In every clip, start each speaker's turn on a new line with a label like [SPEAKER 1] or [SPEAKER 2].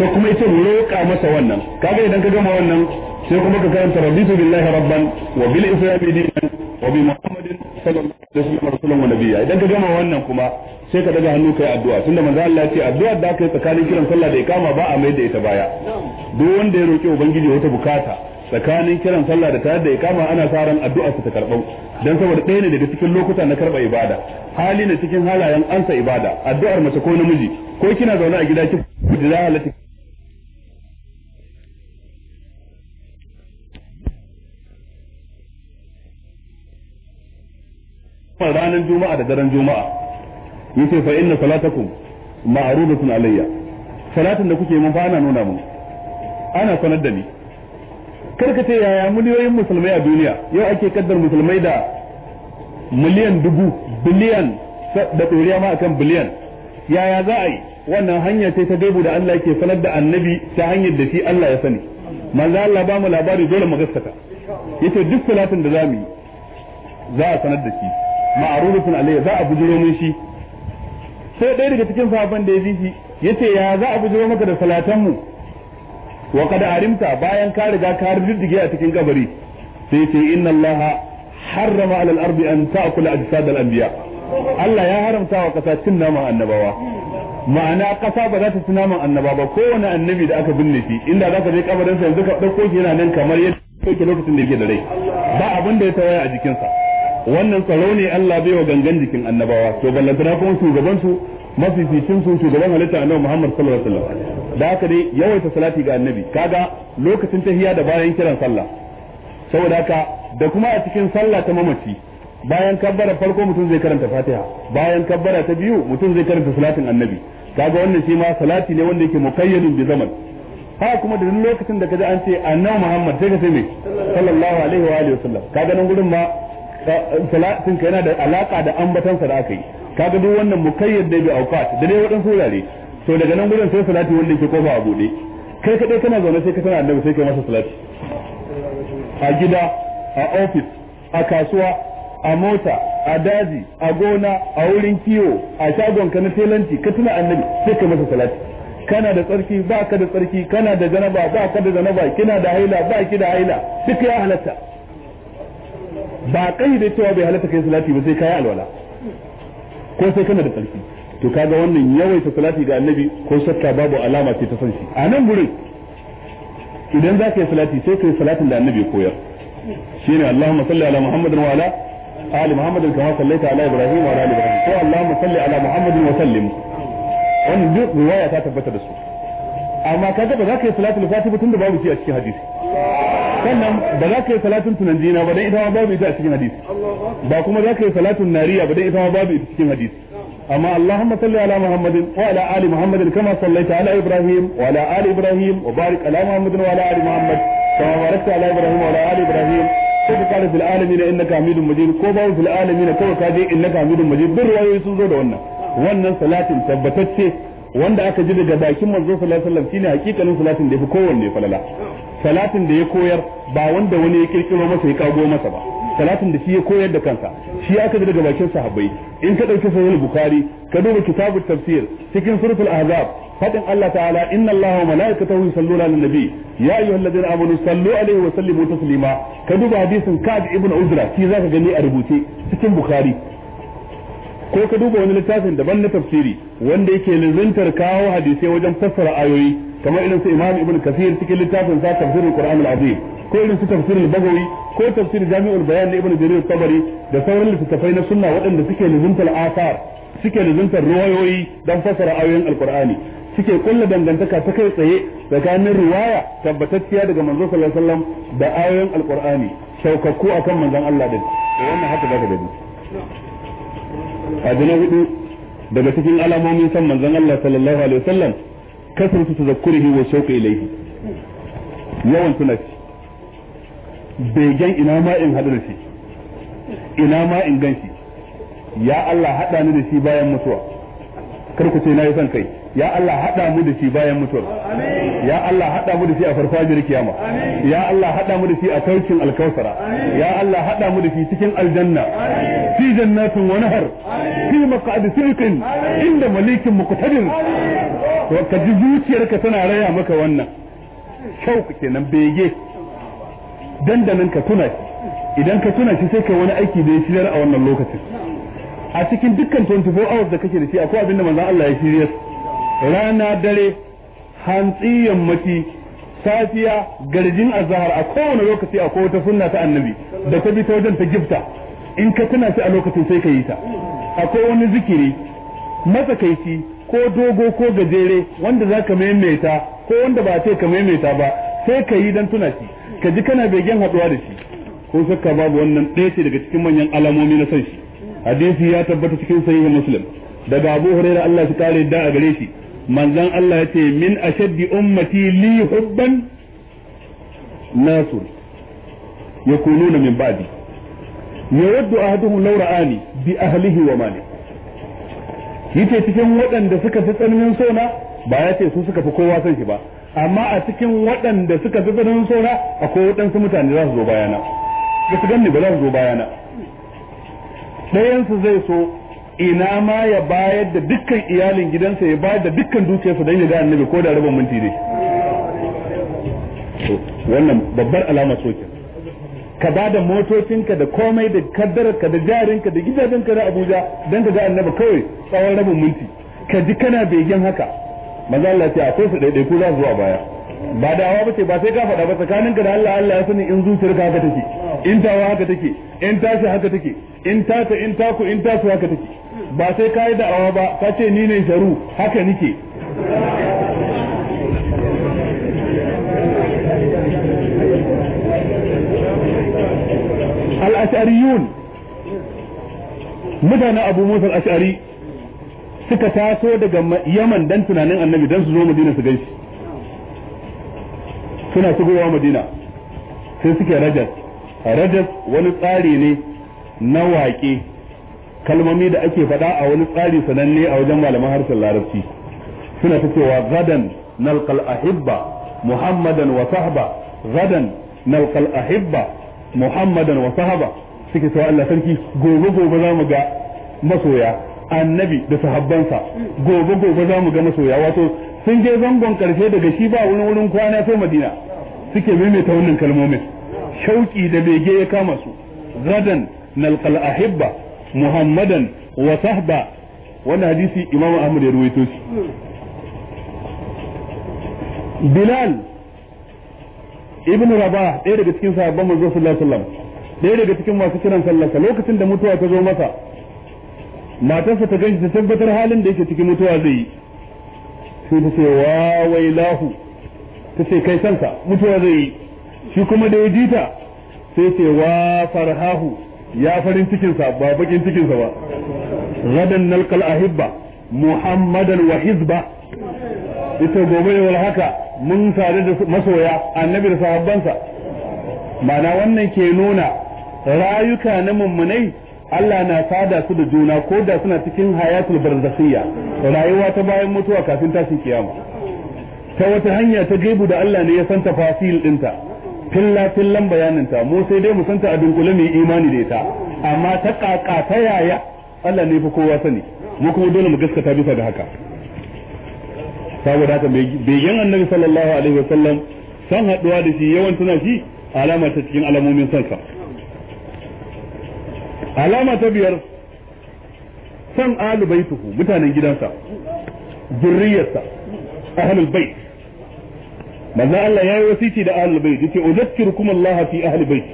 [SPEAKER 1] sai kuma ita roƙa masa wannan kaga idan ka gama wannan sai kuma ka karanta rabbitu billahi rabban wa bil islam dinan wa bi muhammadin sallallahu alaihi wa sallam wa nabiyya idan ka gama wannan kuma sai ka daga hannu kai addu'a tunda manzo Allah ya ce addu'a da aka yi tsakanin kiran sallah da ikama ba a mai da ita baya duk wanda ya roki ubangiji wata bukata tsakanin kiran sallah da tare da ikama ana sa ran addu'a su ta karɓau dan saboda ɗaya ne daga cikin lokuta na karɓa ibada hali ne cikin halayen ansa ibada addu'ar mace ko namiji ko kina zaune a gida kiku
[SPEAKER 2] da halatta ranar
[SPEAKER 1] juma'a da daren juma'a yace fa inna salatakum ma'rudatun alayya salatin da kuke mun fa ana nuna mun ana sanar da ni karka ce yaya miliyoyin musulmai a duniya yau ake kaddar musulmai da miliyan dubu biliyan da ɗoriya ma akan biliyan yaya za a yi wannan hanya ce ta gaibu da Allah ke sanar da annabi ta hanyar da shi Allah ya sani manzo Allah ba mu labari dole mu gaskata yace duk salatin da za mu yi za a sanar da shi ma'arufin alayya za a bujiro mun shi sai ɗaya daga cikin sahabban da ya ji shi yace ya za a bujiro maka da salatan mu wa qad arimta bayan ka riga ka riddige a cikin kabari sai ce inna allaha harrama ala ardi an ta'kula ajsad al-anbiya Allah ya haramta wa kasa cin naman annabawa ma'ana kasa ba za ta ci naman annaba ba kowane annabi da aka binne shi inda za ka je kabarin sa yanzu ka dauko shi yana nan kamar yadda kake lokacin da yake da rai ba abin da ya tawaya a jikinsa wannan tsaro ne Allah bai wa gangan jikin annabawa to ballantana kuma shugaban su mafificin su shugaban halitta annabi Muhammad sallallahu alaihi wasallam da haka dai yawaita salati ga annabi kaga lokacin tahiya da bayan kiran sallah saboda ka da kuma a cikin sallah ta mamaci bayan kabbara farko mutum zai karanta Fatiha bayan kabbara ta biyu mutum zai karanta salatin annabi kaga wannan shi ma salati ne wanda yake muqayyadun bi zaman ha kuma da lokacin da kaji an ce annabi Muhammad sai ka sai me sallallahu alaihi wa alihi wasallam kaga nan gurin ma salatin yana da alaka da ambatansa da aka yi kaga duk wannan mukayyad da bi awqat da dai waɗansu wurare to daga nan gurin sai salati wanda yake kofa a bude kai kadai kana zaune sai ka tana annabi sai kai masa salati a gida a ofis a kasuwa a mota a daji a gona a wurin kiwo a shagon ka na telanci ka tuna annabi sai kai masa salati kana da tsarki ba ka da tsarki kana da janaba ba ka da janaba kina da haila ba ki da haila duk ya halatta ba kai da cewa bai halatta kai salati ba sai kai alwala ko sai kana da tsarki to kaga wannan yawai ta salati ga annabi ko shakka babu alama ce ta san shi a nan gurin idan za ka yi salati sai ka yi salatin da annabi koyar shine Allahumma salli ala muhammad wa ala ali muhammad kama sallaita ala Ibrahim wa ala ali Ibrahim ko Allahumma salli ala muhammad wa sallim wannan duk riwaya ta tabbata da su amma kaga ba za ka yi salatul fatiha tunda babu shi a cikin hadisi sannan ba za ka yi salatun tunanjina ba dan ita ma babu ita a cikin hadisi ba kuma za ka yi salatin nariya ba dan ita ma babu ita a cikin hadisi amma Allahumma salli ala Muhammadin wa ala ali Muhammadin kama sallaita ala Ibrahim wa ala ali Ibrahim wa barik ala Muhammadin wa ala ali Muhammad kama barakta ala Ibrahim wa ala ali Ibrahim sai ka fil alamin innaka hamidun majid ko babu fil alamin kawai ka je innaka hamidun majid duk ruwayoyi sun zo da wannan wannan salatin tabbatacce wanda aka ji daga bakin manzo sallallahu alaihi wasallam shine hakikalin salatin da yafi kowanne falala salatin da ya koyar ba wanda wani ya kirkiro masa ya kago masa ba salatin da shi ya koyar da kansa shi aka ji daga bakin sahabbai in ka dauki sahih bukhari ka duba kitabut tafsir cikin suratul ahzab fadin Allah ta'ala inna Allah wa malaikatahu yusalluna ala nabi ya ayyuhalladhina amanu sallu alaihi wa sallimu taslima ka duba hadisin Ka'b ibn Uzra shi zaka gani a rubuce cikin bukhari ko ka duba wani littafin daban na tafsiri wanda yake lizantar kawo hadisai wajen fassara ayoyi kamar irin su Imam Ibn Kathir cikin littafin sa tafsirin Qur'an al-Azim ko irin su tafsirin Bagawi ko tafsirin Jami'ul Bayan na Ibn Jarir Tabari da sauran littattafai na sunna waɗanda suke lizantar asar suke lizantar ruwayoyi don fassara ayoyin Al-Qur'ani suke kulla dangantaka ta kai tsaye tsakanin riwaya tabbatacciya daga manzo sallallahu alaihi wasallam da ayoyin Al-Qur'ani shaukakku akan manzon Allah din wannan haka zaka gani abu na hudu daga cikin alamomin san manzon Allah sallallahu alaihi wasallam kasratu tazakkurihi wa shauqi ilayhi yawan tuna shi begen ina ma in hadu da shi ina ma in gan shi ya Allah hada ni da shi bayan mutuwa kar ku na yi son kai ya Allah hada mu da shi bayan mutuwa ya Allah hada mu da shi a farfajiyar kiyama ya Allah hada mu da shi a kaucin alkausara ya Allah hada mu da shi cikin aljanna fi jannatin wa nahar fi maq'ad sirqin inda malikin muqtadir to ka ji zuciyarka tana raya maka wannan shauku kenan bege dandanan ka tuna idan ka tuna shi sai kai wani aiki da ya shirar a wannan lokacin a cikin dukkan 24 hours da kake da shi akwai abin da manzon Allah ya shirya rana dare hantsi yammaci safiya garjin azhar a kowane lokaci akwai wata sunna ta annabi da ta bi ta wajen ta gifta in ka tuna shi a lokacin sai ka yi ta akwai wani zikiri matsakaici ko dogo ko gajere wanda za ka maimaita ko wanda ba ce ka maimaita ba sai ka yi don tuna shi ka ji kana begen haɗuwa da shi ko shakka babu wannan ɗaya ce daga cikin manyan alamomi na son shi hadisi ya tabbata cikin sahih muslim daga abu hurairah Allah ya kare da a gare shi manzon Allah ya ce min ashaddi ummati li hubban nasu yakununa min ba'di yawaddu ahaduhum law ra'ani bi ahlihi wa mali yace cikin waɗanda suka fi tsananin sona ba ya ce su suka fi kowa san shi ba amma a cikin waɗanda suka fi tsananin sona akwai waɗansu mutane za su zo bayana ba su ganni ba za su zo bayana ɗayansu zai so ina ma ya bayar da dukkan iyalin gidansa ya bayar da dukkan dukiyarsa don ya ga annabi ko da rabin minti ne wannan babbar alama soke ka ba da motocinka da komai da kaddararka da jarinka da gidajenka na abuja don ka ga annabi kawai tsawon rabin minti ka ji kana begen haka maza Allah ce akwai su ɗaiɗaiku za su zuwa baya ba dawa bace ba sai ka faɗa ba tsakanin ka da Allah Allah ya sani in zuciyarka haka take in tawa haka take in tashi haka take in tata in taku in tasu haka take ba sai ka yi da'awa ba ka ce ni ne sharu haka nike al-ashariyun mutanen abu musa al-ashari suka taso daga yaman dan tunanin annabi dan su zo madina su gaishe suna shigowa madina sai suke rajas rajas wani tsari ne na waƙe kalmomi da ake faɗa a wani tsari sananne a wajen malaman harshen larabci suna ta cewa gadan nalqal ahibba muhammadan wa sahaba gadan nalqal ahibba muhammadan wa sahaba suke cewa Allah sarki gobe gobe za mu ga masoya annabi da sahabbansa gobe gobe za mu ga masoya wato sun je zangon karshe daga shi ba wurin wurin kwana sai madina suke maimaita wannan kalmomin shauki da bege ya kama su gadan nalqal ahibba muhammadan wa sahba wannan hadisi imamu ahmad ya ruwaito shi bilal ibn rabah ɗaya daga cikin sahabban manzo sallallahu alaihi wasallam ɗaya daga cikin masu kiran sallarsa lokacin da mutuwa ta zo masa matarsa ta ganshi ta tabbatar halin da yake cikin mutuwa zai yi sai ta ce wa lahu. ta ce kai sansa mutuwa zai yi shi kuma da ya ji ta sai ce wa farhahu ya farin cikinsa ba bakin cikinsa ba radan nalkal ahibba muhammadan wa hizba ita gobe ne haka mun tare da masoya annabi da sahabbansa ma'ana wannan ke nuna rayuka na mummunai Allah na sada su da juna ko da suna cikin hayatul barzakhiyya rayuwa ta bayan mutuwa kafin tashin kiyama ta wata hanya ta gaibu da Allah ne ya san tafasil dinta filla fillan bayaninta mu sai dai mu santa a dunkule mu imani da ita amma ta kaka ta yaya Allah ne fa kowa sani mu kuma dole mu gaskata bisa da haka saboda haka begen annabi sallallahu alaihi wasallam san haduwa da shi yawan tuna shi alama ta cikin alamomin sansa alama ta biyar san alu baituhu mutanen gidansa zurriyarsa ahlul bait manzo Allah yayi wasiti da ahlul bait yace uzakkirukum Allah fi ahlul bait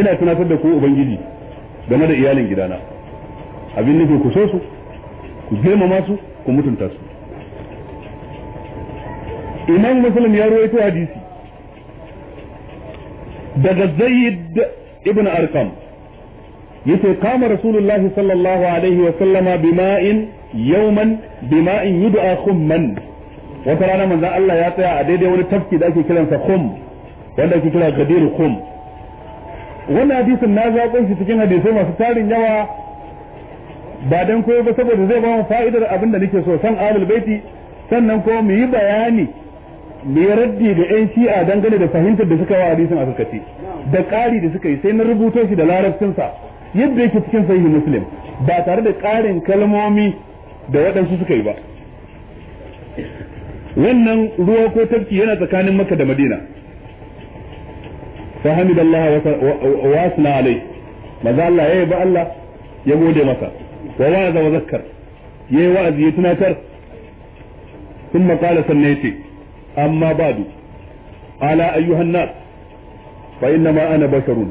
[SPEAKER 1] ina tunatar da ku ubangiji game da iyalin gidana abin nufi ku so su ku girmama su ku mutunta su imam muslim ya ruwaito hadisi daga zaid ibn arkam yace kama rasulullahi sallallahu alaihi wa sallama bima'in yawman bima'in yud'a khumman wata rana manzon Allah ya tsaya a daidai wani tafki da ake kiransa khum wanda ake kira gadir khum wannan hadisin na zaɓo shi cikin hadisai masu tarin yawa ba dan koyo ba saboda zai ba mu fa'idar abin da nake so san ahlul baiti sannan ko mu yi bayani Me ya raddi da yan shi'a dangane da fahimtar da suka wa hadisin a karkace da ƙari da suka yi sai na rubuto shi da larabcinsa yadda yake cikin sahihi muslim ba tare da ƙarin kalmomi da waɗansu suka yi ba wannan ruwa ko tafki yana tsakanin makka da madina fa hamidallah wa wasna alai maza Allah yayi ba Allah ya gode masa wa wa'aza wa zakkar yayi wa'azi ya tunatar ثم قال سنيتي ala ayyuhan nas fa inna ma ana basharun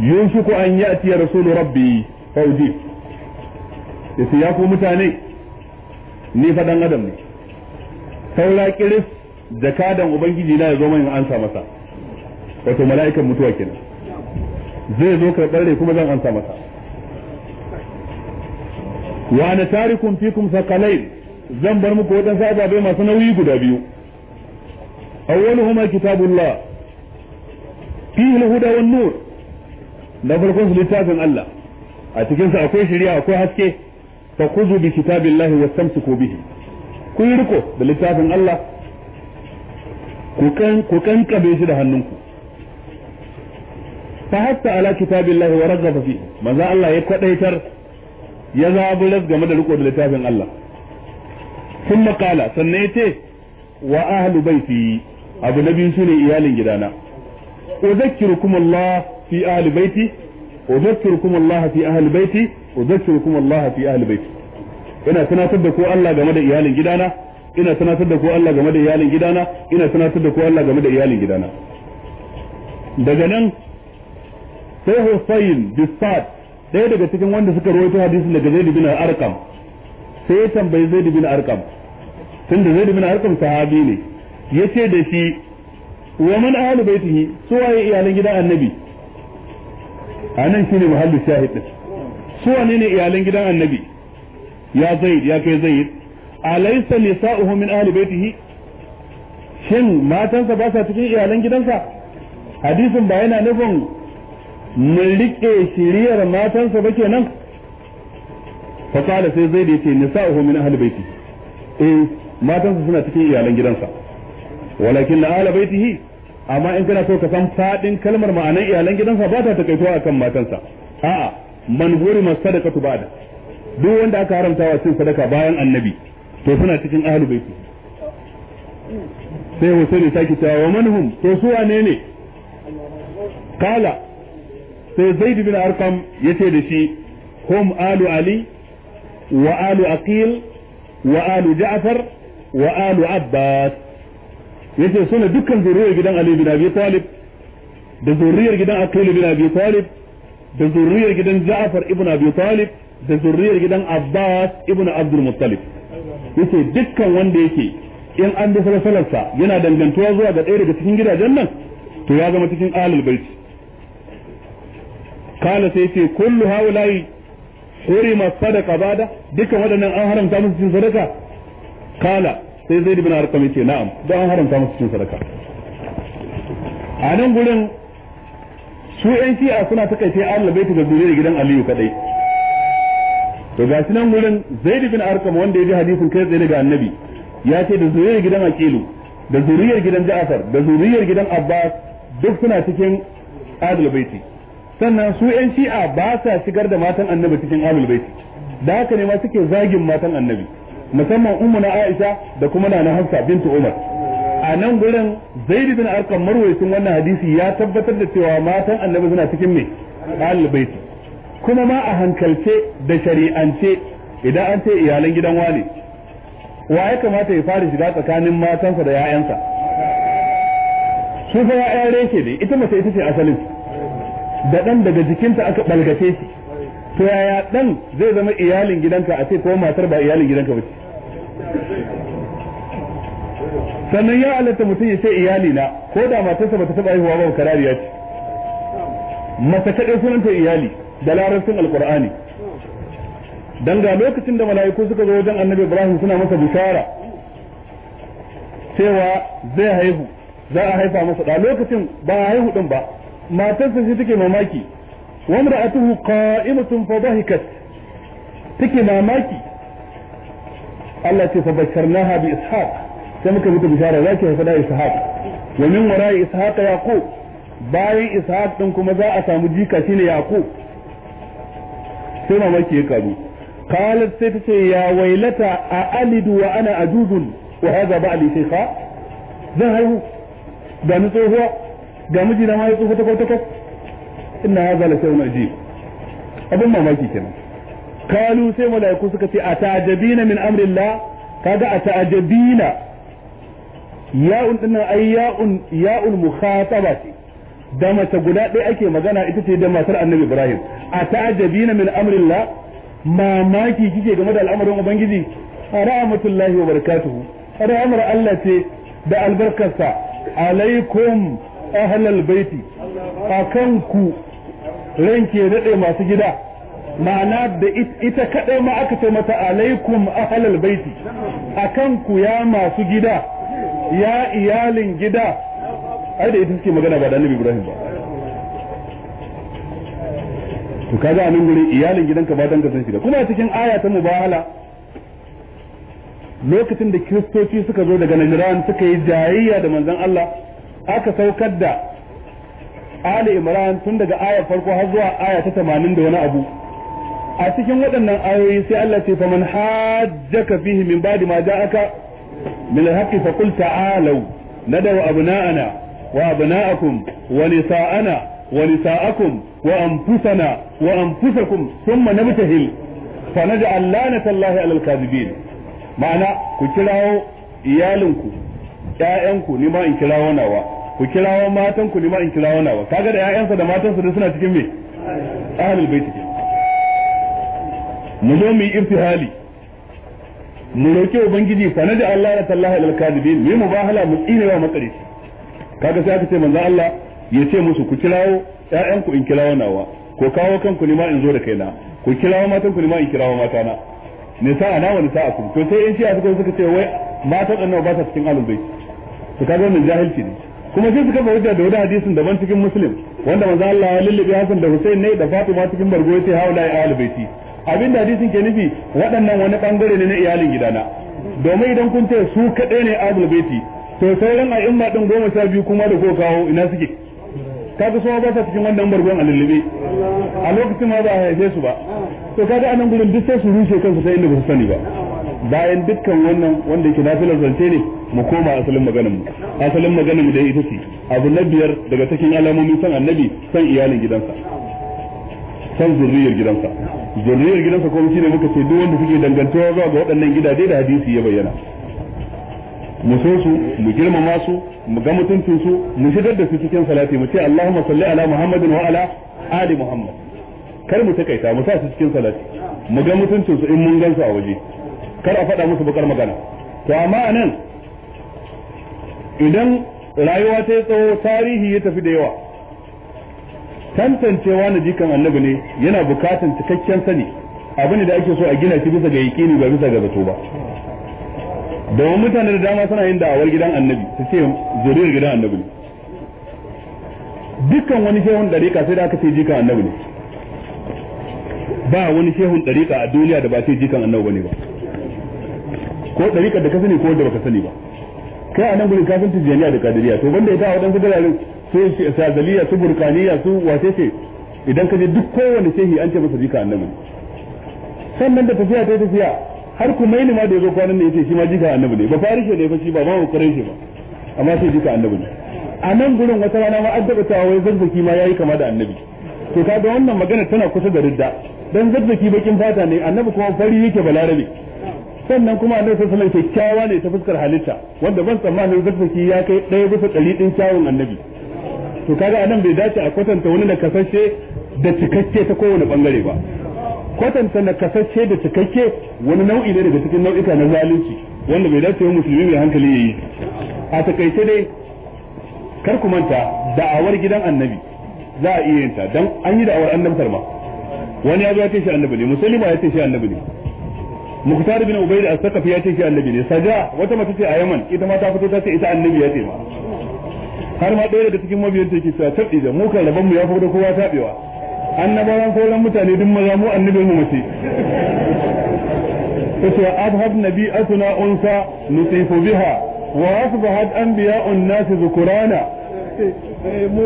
[SPEAKER 1] yunshiku an ya'ti rasulu rabbi faudi yace ya ku mutane ni fa dan adam ne saura kiris kadan ubangiji na ya zo mai ansa masa wato mala'ikan mutuwa kenan zai zo karɓar rai kuma zan ansa masa wa na tarikum fikum sakalain zan bar muku wadansu ababe masu nauyi guda biyu awwaluhuma kitabullah fihi alhuda wan-nur na farkon su littafin Allah a cikin sa akwai shari'a akwai haske fa kuzu bi kitabillahi wastamsiku bihi ku yi riko da littafin Allah ku kan ku shi da hannunku fa hatta ala kitabillahi wa raghafa fi manzo Allah ya kwadaitar ya zabulas game da riko da littafin Allah kuma kala sannan yace wa ahlu baiti abu na biyu sune iyalin gidana udhakkirukum Allah fi ahli baiti udhakkirukum Allah game da iyalin gidana daga nan sai Hussein Bisad ɗaya daga cikin wanda suka rawaito hadisin daga Zaid bin Arqam sai ya tambayi Zaid bin Arqam tunda Zaid bin Arqam sahabi ne yace da shi wa man ahli baitihi su waye iyalan gidan annabi a nan shine muhallin shahid din su wane ne iyalan gidan annabi ya zaid ya kai zaid alaysa nisa'uhu min ahli baitihi shin matansa ba sa cikin iyalan gidansa hadisin ba yana nufin mu rike shiriyar matansa ba kenan fa kala sai zaid yace nisa'uhu min ahli baitihi eh matansa suna cikin iyalan gidansa walakin ahli baitihi amma in kana so ka san fadin kalmar ma'anar iyalan gidansa ba ta takaituwa akan matansa a'a man hurima sadaqatu ba'da duk wanda aka haramtawa cin sadaka bayan annabi to suna cikin ahlu baiti sai Hussein ya sake cewa wa manhum to su wane ne kala sai Zaid bin Arqam yace da shi hum alu ali wa alu aqil wa alu ja'far wa alu abbas yace suna dukkan zuriyar gidan Ali bin Abi Talib da zuriyar gidan Aqil bin Abi Talib da zuriyar gidan Ja'far ibn Abi Talib da zuriyar gidan Abbas ibn Abdul Muttalib yace dukkan wanda yake in an bi salsalarsa yana dangantuwa zuwa ga ɗaya daga cikin gidajen nan to ya zama cikin alul bait kala sai ce kullu haula'i hurima sadaqa bada dukkan waɗannan an haramta musu cin sadaka kala sai zai bin harkar ce na'am don an haramta musu cin sadaka a nan gurin su yan shi'a suna ta kai sai ta bait da gidan aliyu kadai to ga shi nan gurin zaid bin arkam wanda ya ji hadisin kai tsaye daga annabi ya ce da zuriyar gidan akilu da zuriyar gidan ja'far da zuriyar gidan abbas duk suna cikin ahlul bait sannan su yan shi'a ba sa shigar da matan annabi cikin ahlul bait da haka ne ma suke zagin matan annabi musamman ummu na Aisha da kuma nana Hafsa bintu Umar a nan gurin Zaid bin Arqam marwayacin wannan hadisi ya tabbatar da cewa matan Annabi suna cikin me Ahlul kuma ma a hankalce da shari'ance idan an ce iyalan gidan wani wa ya kamata ya fara shiga tsakanin matansa da 'ya'yansa su fa 'ya'ya reshe ne ita mace ita ce asalin da ɗan daga jikinta aka ɓalgace shi to yaya dan zai zama iyalin gidanka a ce ko matar ba iyalin gidanka ba sannan ya halarta mutum ya ce iyali na ko da matarsa bata taba haihuwa ba karariya ce mata kaɗai sunanta iyali da larabcin alkur'ani dan ga lokacin da mala'iku suka zo wajen annabi ibrahim suna masa bishara cewa zai haihu za a haifa masa da lokacin ba a haihu ɗin ba matarsa shi suke mamaki wa imra'atuhu qa'imatun fa dhahikat take mamaki Allah ce fa basharnaha bi ishaq sai muka mutu bishara zaki haifa da ishaq wa min wara'i ishaq yaqub bayan ishaq ɗin kuma za a samu jika shine yaqub sai mamaki ya karu qalat sai ta ce ya wailata a alidu wa ana ajuzun wa hadha ba'li shaykha zan haihu ga ni ga miji na ma ya tsofa ta kwata na hadha la shay'un ajib abin mamaki kenan kalu sai malaiku suka ce atajabina min amrillah kaga atajabina ya'un dinnan ay ya'un ya'ul mukhataba da mace guda ɗaya ake magana ita ce da matar annabi ibrahim a atajabina min amrillah mamaki kike game da al'amarin ubangiji rahmatullahi wa barakatuhu rahmar Allah ce da albarkarsa alaikum ahlal baiti akan ku Ranke ya daɗe masu gida ma'ana da ita kaɗai ma aka ce mata alaikum ahalal baiti akan ku ya masu gida ya iyalin gida ai da ita suke magana ba da annabi ibrahim ba to kaga a nan iyalin gidanka ba dan ka san da kuma cikin aya ta mubahala lokacin da kiristoci suka zo daga najran suka yi jayayya da manzon Allah aka saukar da ali imran tun daga ayar farko har zuwa aya ta 80 da wani abu a cikin waɗannan ayoyi sai Allah ce faman hajjaka fihi min ba'di ma ja'aka min al-haqqi fa qul ta'alu nadaw abna'ana wa abna'akum wa nisa'ana wa nisa'akum wa anfusana wa anfusakum thumma nabtahil fa naj'al lanata Allahi 'alal kadhibin ma'ana ku kirawo iyalinku ƴaƴanku ni ma in kirawo nawa ku kirawo matan ku nima in kirawo nawa kaga da ƴaƴansa da matan su suna cikin me ahlul bait ke mu zo mu yi irtihali mu roki ubangiji sanadi Allah ta Allah ilal kadibin mu mubahala mu tsinewa makarici kaga sai aka ce manzo Allah ya ce musu ku kirawo ƴaƴanku in kirawo nawa ko kawo kanku nima in zo da kaina ku kirawo matan ku nima in kirawo matana ne sa ana wani sa'a kun to sai in shi a suka suka ce wai matan annabi ba ta cikin ahlul bait to kaga mun jahilci ne kuma sai suka fahimta da wani hadisin daban cikin muslim wanda manzo Allah ya lullube Hassan da Hussein ne da Fatima cikin bargo yace haula ya ahlul baiti abin da hadisin ke nufi waɗannan wani bangare ne na iyalin gidana domin idan kun ce su kaɗai ne ahlul baiti to sauran a'imma din goma sha biyu kuma da ko kawo ina suke kaga su ba ta cikin wannan bargon a lullube a lokacin ma ba a haife su ba to kaga anan gurin duk sai su rushe kansu sai inda ba su sani ba bayan dukkan wannan wanda yake nafilar zance ne mu koma asalin maganar mu asalin maganar mu da ita ce abu na biyar daga cikin alamomin san annabi san iyalin gidansa san zurriyar gidansa zurriyar gidansa kuma shine muka ce duk wanda suke dangantawa zuwa ga waɗannan gidaje da hadisi ya bayyana mu so su mu girmama su mu ga mutuncin su mu shigar da su cikin salati mu ce Allahumma salli ala Muhammadin wa ala ali Muhammad kar mu takaita mu sa su cikin salati mu ga mutuncin su in mun gan su a waje kar a faɗa musu bakar magana to amma anan idan rayuwa ta yi tsawo tarihi ya tafi da yawa tantancewa na jikan annabi ne yana bukatan cikakken sani abu ne da ake so a gina shi bisa ga yaƙini ba bisa ga zato ba domin mutane da dama suna yin da'awar gidan annabi su ce zuriyar gidan annabi ne dukkan wani shehun ɗariƙa sai da aka ce jikan annabi ne ba wani shehun ɗariƙa a duniya da ba ce jikan annabi ne ba ko dariƙar da ka sani ko da baka sani ba kai a nan gurin ka san tijaniya da kadiriya to banda ya ta waɗansu gararin su sazaliya su burkaniya su wace ce idan ka je duk kowane shehi an ce masa jika annabi sannan da tafiya ta tafiya har kuma ma da ya zo kwanan ne ce shi ma jika annabi ne ba farishe ne shi ba kokarin shi ba amma sai jika annabi ne a nan gurin wata rana ma addaba ta wai zazzaki ma yi kama da annabi to da wannan magana tana kusa da ridda dan zazzaki bakin fata ne annabi kuma fari yake balarabe sannan kuma annabi sallallahu alaihi wasallam kyakkyawa ne ta fuskar halitta wanda ban tsammanin zarzaki ya kai ɗaya bisa ɗari ɗin kyawun annabi to kaga anan bai dace a kwatanta wani nakasashe da cikakke ta kowane bangare ba kwatanta nakasashe da cikakke wani nau'i ne daga cikin nau'ika na zalunci wanda bai dace wa musulmi mai hankali yayi a takaice dai kar ku manta da'awar gidan annabi za a iya yin ta dan an yi da'awar annabtar ma wani ya zo ya ce shi annabi ne musulma ya ce shi annabi ne muktar bin ubayd as-sakafi ya ce shi annabi ne saja wata mace ce a yaman ita ma ta fito ta ce ita annabi ya ce ma har ma ɗaya daga cikin mabiyan take cewa tabi da mu kan rabon mu ya fito da kowa tabewa annabawan sauran mutane duk maza mu annabi mu mace kace abhab nabi asna unsa nutifu biha wa asbahat anbiya'un nas zukurana
[SPEAKER 3] eh,
[SPEAKER 1] mu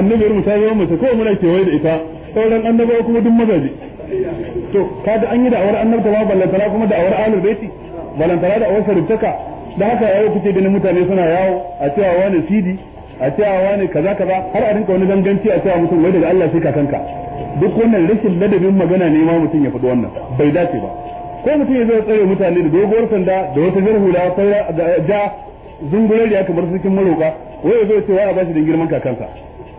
[SPEAKER 1] annabi mu ta zama mace ko muna kewaye da ita sauran annabawa kuma duk mazaje to kada an yi da'awar annabta ba ballantana kuma da'awar ahlul baiti ballantana awar sarutaka da haka ya yi fice ganin mutane suna yawo a cewa wani sidi a cewa wani kaza kaza har a rinka wani ganganci a cewa mutum wai daga Allah sai kakanka duk wannan rashin ladabin magana ne ma mutum ya faɗi wannan bai dace ba ko mutum ya zai tsare mutane da doguwar sanda da wata hula sai da zungurar ya kamar cikin maroka wai ya zai wai a bashi da girman kakanka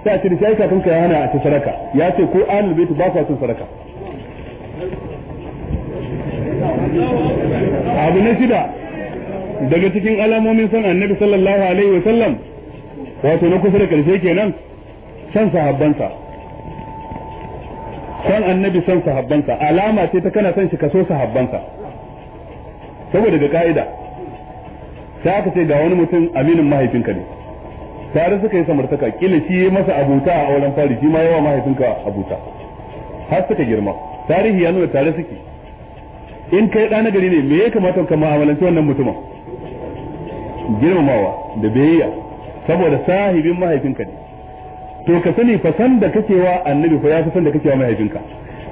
[SPEAKER 1] sai a ce da shi kakanka ya hana a ci saraka ya ce ko ahlul baiti ba sa son saraka
[SPEAKER 3] abu na shida daga
[SPEAKER 1] cikin alamomin son annabi sallallahu alaihi wa sallam wato na kusa da karshe kenan son sahabbansa son annabi son sahabbansa alama ce ta kana son shi kaso sahabbansa saboda ga ka'ida sai aka ce ga wani mutum aminin mahaifinka ne tare suka yi samartaka kila shi yi masa abuta a auren fari shi ma yawa mahaifinka abuta har suka girma tarihi ya nuna tare suke in kai ɗa na gari ne me ya kamata ka mu'amalanci wannan mutumin girmamawa da biyayya saboda sahibin mahaifinka ne to ka sani fa san da kake wa annabi fa ya fi san da kake wa mahaifinka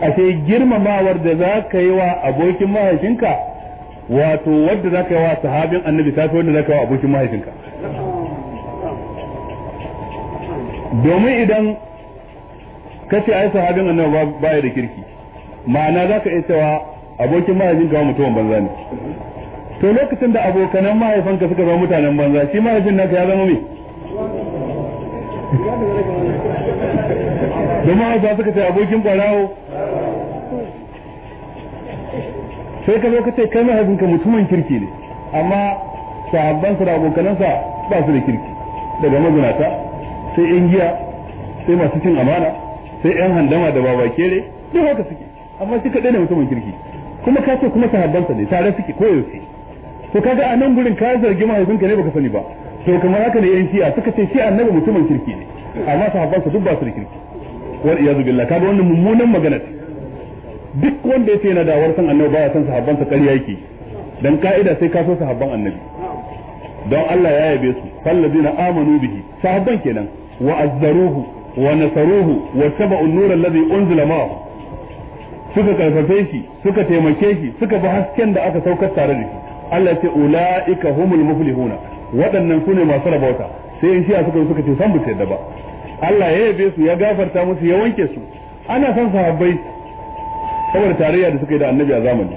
[SPEAKER 1] ashe girmamawar da za ka yi wa abokin mahaifinka wato wadda za ka yi wa sahabin annabi ta fi wadda za ka yi wa abokin mahaifinka domin idan ka ce ai sahabin annabi ba ya da kirki ma'ana za ka iya cewa abokin mahaifin ka mutumin banza ne to lokacin da abokanan mahaifanka suka zama mutanen banza shi mahaifin naka ya zama me da mahaifa suka ce abokin barawo sai ka zo ka ce kai mahaifinka mutumin kirki ne amma sahabbansa da abokanansa ba su da kirki daga mazunata sai yan giya sai masu cin amana sai yan handama da babakere duk haka suke amma shi kaɗai ne mutumin kirki kuma ka ce kuma sahabbansa ne tare suke koyaushe to kaga a nan gurin ka zargi mahaifinka ne baka sani ba to kamar haka ne yan shi'a suka ce shi annabi mutumin kirki ne amma sahabbansa duk ba su da kirki wal iyazu billah kaga wannan mummunan magana duk wanda yace yana dawar san annabi ya san sahabbansa ƙarya yake dan ka'ida sai ka so sahabban annabi don Allah ya yabe su falladina amanu bihi sahabban kenan wa azzaruhu wa nasaruhu wa an nur alladhi unzila ma'ahu suka karfafe shi suka taimake shi suka bi hasken da aka saukar tare da shi Allah ya ce ulaika humul muflihuna waɗannan sune masu rabauta sai in shiya suka suka ce san bu yadda ba Allah ya yabe su ya gafarta musu ya wanke su ana son sahabbai saboda tarayya da suka yi da annabi a zamani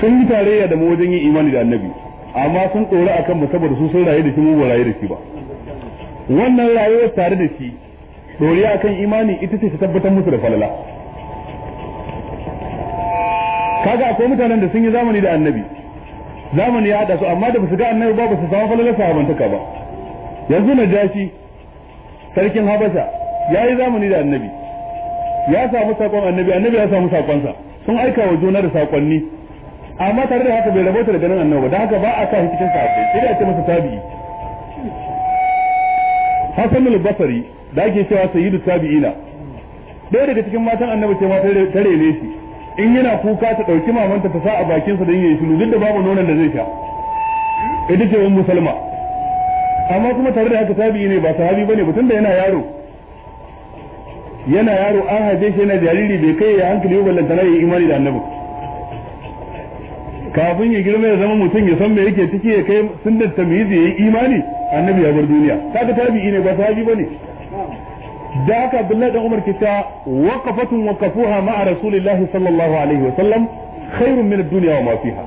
[SPEAKER 1] sun yi tarayya da mu wajen yin imani da annabi amma sun tsoro akan mu saboda su sun rayu da shi mu ba rayu da shi ba wannan rayuwar tare da shi doriya kan imani ita ce ta tabbatar musu da falala kaga akwai mutanen da sun yi zamani da annabi zamani ya hada su amma da su ga annabi ba su samu falalar sahabantaka ba yanzu na jashi sarkin habasa ya yi zamani da annabi ya samu sakon annabi annabi ya samu sakonsa sun aika wa juna da sakonni amma tare da haka bai rabota da ganin annabi da haka ba a sa cikin sahabbai sai da ce masa tabi'i Hassan al da ake cewa sayyidu tabi'ina dai daga cikin matan annabi ce ma ta ne shi in yana kuka ta ɗauki mamanta ta sa a bakinsa don yayi shi duk da babu nonon da zai sha idan ce ummu salma amma kuma tare da haka tabi'i ne ba sahabi bane ba da yana yaro yana yaro an haife shi yana jariri bai kai ya hankali ba ballanta na imani da annabi kafin ya girma ya zama mutum ya san me yake ciki ya kai sunnar tamyizi yayi imani annabi ya bar duniya kaga tabi'i ne ba sahabi bane da haka abdullahi dan umar ke ta waqafatun waqafuha ma'a rasulillahi sallallahu alaihi wa sallam khairun min ad-dunya wa ma fiha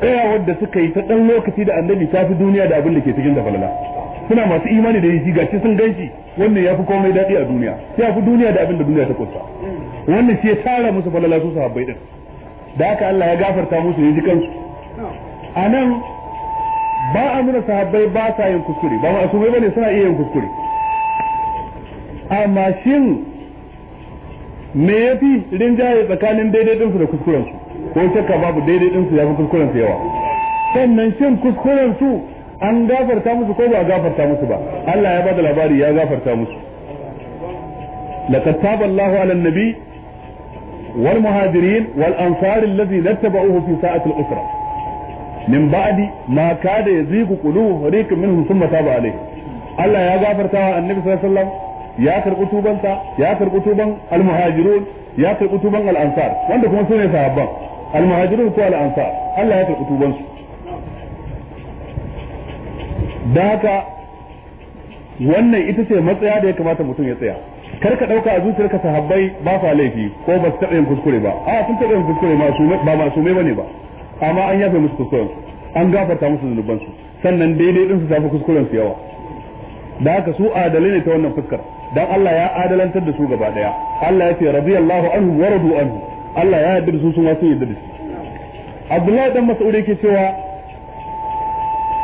[SPEAKER 1] tsaya wadda suka yi ta dan lokaci da annabi ta fi duniya da abin da ke cikin da falala suna masu imani da yi gashi sun ganshi wannan ya fi komai daɗi a duniya ya fi duniya da abin da duniya ta kusa wannan shi ya tara musu falala su sahabbai din da haka Allah ya gafarta musu ya jikan su a nan ba a nuna sahabbai ba sa yin kuskure ba ma su bane suna iya yin kuskure amma shin me ya fi rinjaye tsakanin daidaitinsu da kuskurensu ko shakka babu daidaitinsu ya fi kuskurensu yawa sannan shin kuskurensu an gafarta musu ko ba a gafarta musu ba Allah ya ba da labari ya gafarta musu laqad taba Allahu ala nabi wal muhajirin wal ansar alladhi lattaba'uhu fi sa'ati da usra min ba'di ma kada yazigu qulubu fariqin minhum thumma taba alayhi Allah ya gafarta wa annabi sallallahu ya karɓi tubanta ya karɓi tuban almuhajirun ya karɓi tuban al'ansar wanda kuma su ne sahabban almuhajirun ko al'ansar Allah ya karɓi tubansu da haka wannan ita ce matsaya da ya kamata mutum ya tsaya kar ka ɗauka a zuciyarka sahabbai ba fa laifi ko ba su taɓa yin kuskure ba a sun taɓa yin kuskure ba masu mai ba ne ba amma an yafe musu kuskuren an gafarta musu zunubansu sannan daidai din su tafi kuskuren su yawa da haka su adalai ne ta wannan fuskar dan Allah ya adalantar da su gaba daya Allah ya ce radiyallahu anhu wa radu anhu Allah ya yarda da su sun wasu yarda da Abdullahi dan Mas'ud yake cewa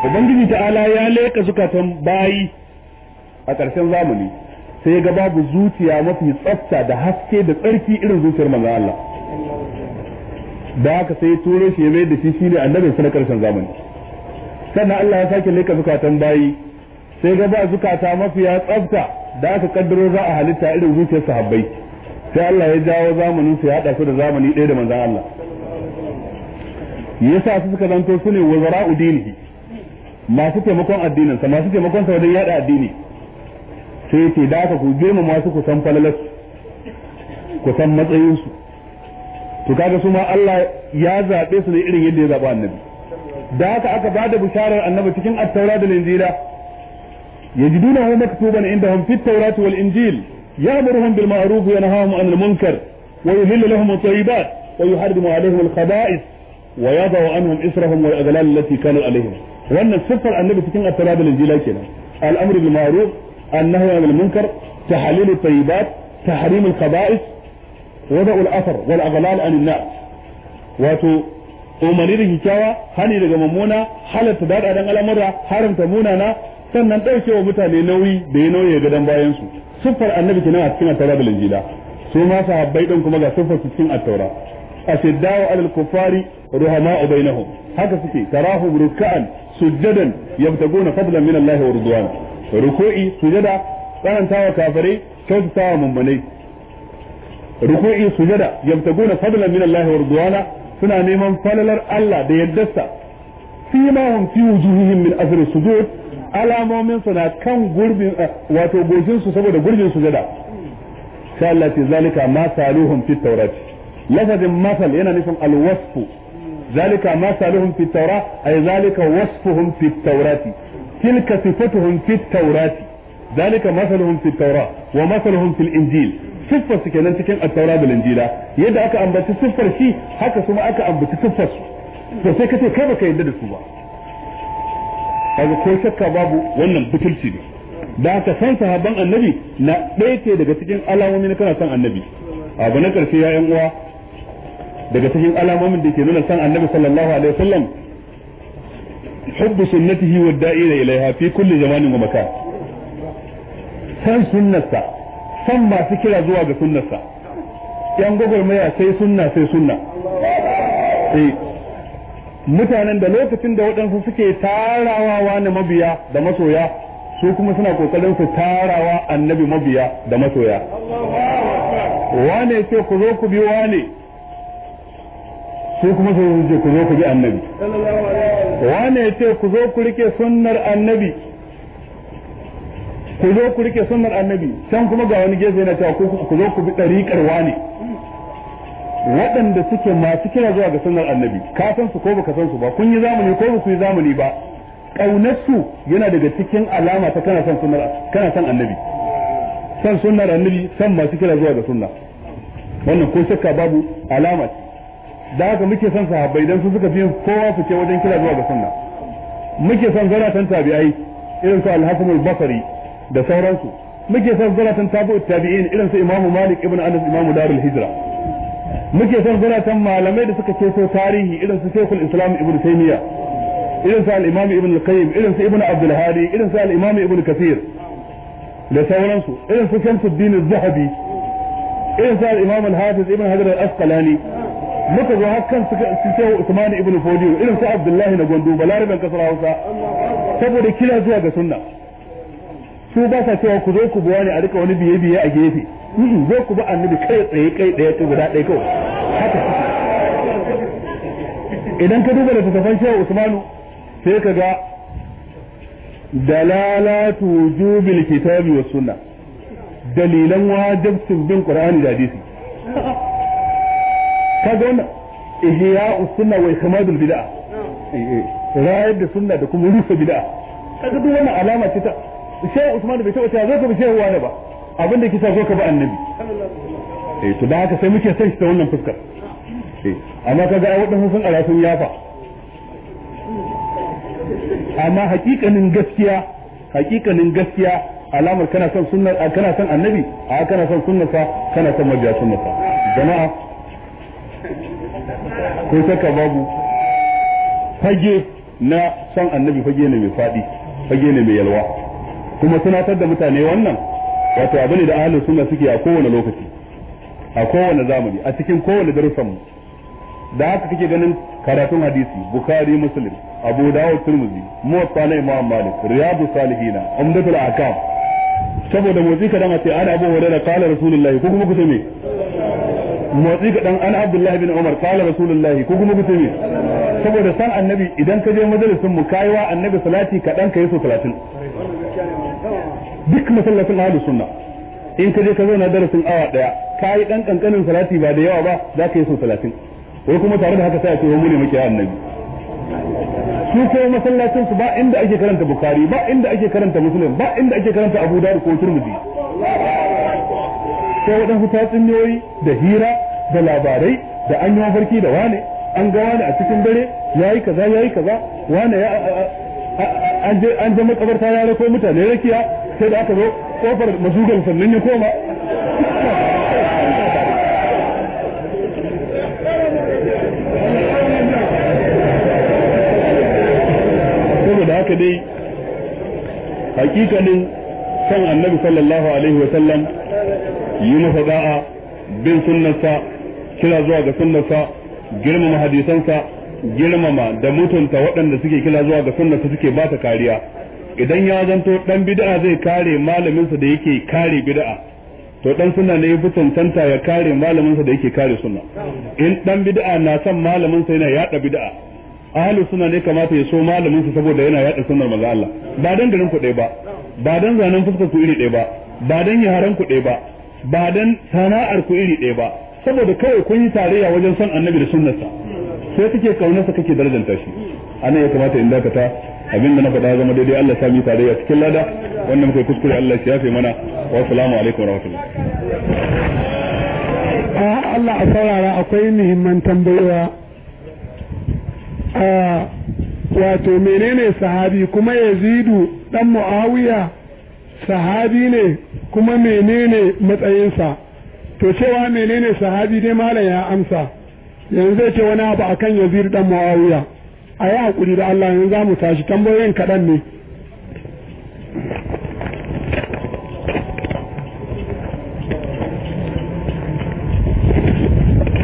[SPEAKER 1] Ubangiji ta'ala ya leka zukatan bayi a ƙarshen zamani sai ga babu zuciya mafi tsafta da haske da tsarki irin zuciyar manzo Allah da haka sai turo shi mai da shi shine annabin sa na ƙarshen zamani sannan Allah ya sake leka zukatan bayi sai ga ba zukata mafiya tsafta da aka kaddaro za a halitta irin zuciyar sahabbai sai Allah ya jawo zamanin su ya hada su da zamani ɗaya da manzan Allah yasa su suka zanto su ne wazara dinihi masu taimakon addininsa masu taimakon sa wajen yada addini sai yace da aka ku girma masu ku san falalarsu ku san matsayinsu to kaga su ma Allah ya zabe su ne irin yadda ya zaba annabi da aka aka da bisharar annabi cikin Attaura da injila يجدونه مكتوبا عندهم في التوراة والإنجيل يأمرهم بالمعروف وينهاهم عن المنكر ويذل لهم الطيبات ويحرم عليهم الخبائث ويضع عنهم إسرهم والأغلال التي كانوا عليهم وأن صفر النبي تكون التوراة والإنجيل كنا الأمر بالمعروف النهي عن المنكر تحليل الطيبات تحريم الخبائث وضع الأثر والأغلال عن الناس واتو umarni da kyakkyawa hani daga mummuna halatta daɗaɗen al'amura haramta sannan ɗauke wa mutane nauyi da ya nauye gadon bayan su siffar annabi kenan a cikin attaura da linjila su ma sahabbai din kuma ga siffar su cikin attaura ashiddaw alal kufari ruhama'u bainahum haka suke tarahum sujadan sujjadan na fadlan min Allah wa ridwan ruku'i sujada karantawa kafirai kyautatawa mummunai ruku'i sujada na fadlan min Allah wa ridwana suna neman falalar Allah da yaddarsa fi ma hum fi wujuhihim min asr sujud alamomin su na kan gurbin eh, wato gojin su saboda gurbin su sujada sai Allah ce zalika ma saluhum fi tawrat lafazin masal yana nufin alwasfu zalika ma saluhum fi tawra ay zalika wasfuhum fi tawrat tilka sifatuhum fi tawrat zalika masaluhum fi tawra wa masaluhum fil injil siffar su kenan cikin at da injila yadda aka ambaci siffar shi haka kuma aka ambaci siffar su to sai kace kai baka yadda da su ba kaga kai shakka babu wannan butulci ne da ka san sahabban annabi na ɗaya daga cikin alamomi na kana san annabi abu na karshe ya uwa daga cikin alamomin da ke nuna san annabi sallallahu alaihi wasallam hubbu sunnatihi wa da'ira ilaiha fi kulli zamanin wa makan san sunnarsa san masu kira zuwa ga sunnarsa yan gwagwarmaya sai sunna sai sunna eh. mutanen da lokacin da waɗansu suke tarawa na mabiya da masoya su kuma suna kokarin su tarawa annabi mabiya da masoya wane ce ku zo ku bi wane su kuma su ce ku zo ku bi annabi wane ce ku zo ku rike sunnar annabi ku zo ku rike sunnar annabi can kuma ga wani gefe na cewa ku zo ku bi ɗariƙar wane waɗanda suke masu kira zuwa ga sunnar annabi ka san su ko baka san su ba kun yi zamani ko ba ku yi zamani ba ƙaunarsu yana daga cikin alama ta kana son sunnar kana son annabi san sunnar annabi san masu kira zuwa ga sunna wannan ko shakka babu alama da haka muke son sahabbai dan su suka fi kowa fice wajen kira zuwa ga sunna muke son zaratan tabi'ai irin su al-Hasan al-Basri da sauransu muke son zaratan tabi'ut tabi'in irin su Imamu Malik ibn Anas Imamu Darul Hijra muke son zaratan malamai da suka ceto tarihi irin su Sheikhul Islam Ibn Taymiyyah irin su al-Imam Ibn al-Qayyim irin su Ibn Abdul Hadi irin su al-Imam Ibn Kathir da sauransu irin su Shamsuddin az-Zahabi irin su al-Imam al-Hafiz Ibn Hajar al-Asqalani muka zo hakan suka su Usman Ibn Fodiyo irin su Abdullahi na Gondo balaraban kasar Hausa saboda kira zuwa ga sunna su ba sa cewa ku zo ku bi wani a rika wani biye biye a gefe zo ku ba annabi kai tsaye kai ɗaya ta guda ɗaya kawai haka idan ka duba da tafafan shehu usmanu sai ka ga dalalatu wujubil kitabi was sunna dalilan wajibcin bin qur'ani da hadisi kaga wannan ihya'us sunna wa ikmadul bid'ah eh, eh. rayar da sunna da kuma rufe bid'ah kaga duk wannan alama ce ta shehu usman bai taɓa cewa zo ka bi shehu wani ba abin da kisa zo ka bi annabi eh to da haka sai muke san shi ta wannan fuskar eh amma kaga ai wadannan sun ara sun yafa amma hakikanin gaskiya hakikanin gaskiya alamar kana son sunnar kana son annabi a kana son sunnarsa kana son mabiya sunnarsa jama'a ko saka babu fage na son annabi fage ne mai fadi fage ne mai yalwa kuma tunatar da mutane wannan wato abu ne da ahlus suna suke a kowane lokaci a kowane zamani a cikin kowane darussanmu da haka kake ganin karatun hadisi bukhari muslim abu dawud turmuzi muwatta na imam malik riyadu salihina umdatul akam saboda motsi kadan a ce ana abu hurairah qala rasulullahi ko kuma ku me motsi kadan ana abdullahi bin umar qala rasulullahi ko kuma ku me saboda san annabi idan ka je majalisin mu kaiwa annabi salati ka kadan kai so 30 duk masallacin ahalus sunna in ka je ka zauna darasin awa daya ka yi dan kankanin salati ba da yawa ba za ka yi so talatin wai kuma tare da haka sai a ce mu ne muke annabi su ko masallacin su ba inda ake karanta bukhari ba inda ake karanta muslim ba inda ake karanta abu dawud ko turmudi sai wadansu tatsuniyoyi da hira da labarai da an yi mafarki da wane an ga wane a cikin dare yayi kaza yayi kaza wane ya an je makabarta ya rako mutane rakiya sai da aka zo kofar mazugan sannan ya koma saboda haka dai hakikalin san annabi sallallahu alaihi wasallam yi masa bin sunnarsa kira zuwa ga sunnarsa girmama hadisansa girmama da mutunta waɗanda suke kira zuwa ga sunnarsa suke ba ta kariya idan ya zanto dan bid'a zai kare malamin sa da yake kare bid'a to dan sunna ne yafi tantanta ya kare malamin sa da yake kare sunna in dan bid'a na son malamin sa yana yada bid'a ahlus sunna ne kamata ya so malamin sa saboda yana yada sunnar manzo Allah ba dan garin ku ba ba dan zanen fuskar ku iri ɗaya ba ba dan yaran ku ɗaya ba ba dan sana'ar ku iri ɗaya ba saboda kawai kun yi tarayya wajen son annabi da sunnarsa sai kake sa kake darajanta shi anan ya kamata in dakata abin da na faɗa zama daidai Allah ya sami a cikin lada wannan muka kuskure Allah ya yafe mana wa assalamu alaikum wa rahmatullah
[SPEAKER 2] Allah a saurara akwai muhimman tambayowa wato menene sahabi kuma yazidu dan muawiya sahabi ne kuma menene matsayinsa to cewa menene sahabi dai malam ya amsa yanzu zai ce wani abu akan yazidu dan muawiya a yi haƙuri da Allah yanzu za mu tashi tambayoyin kaɗan ne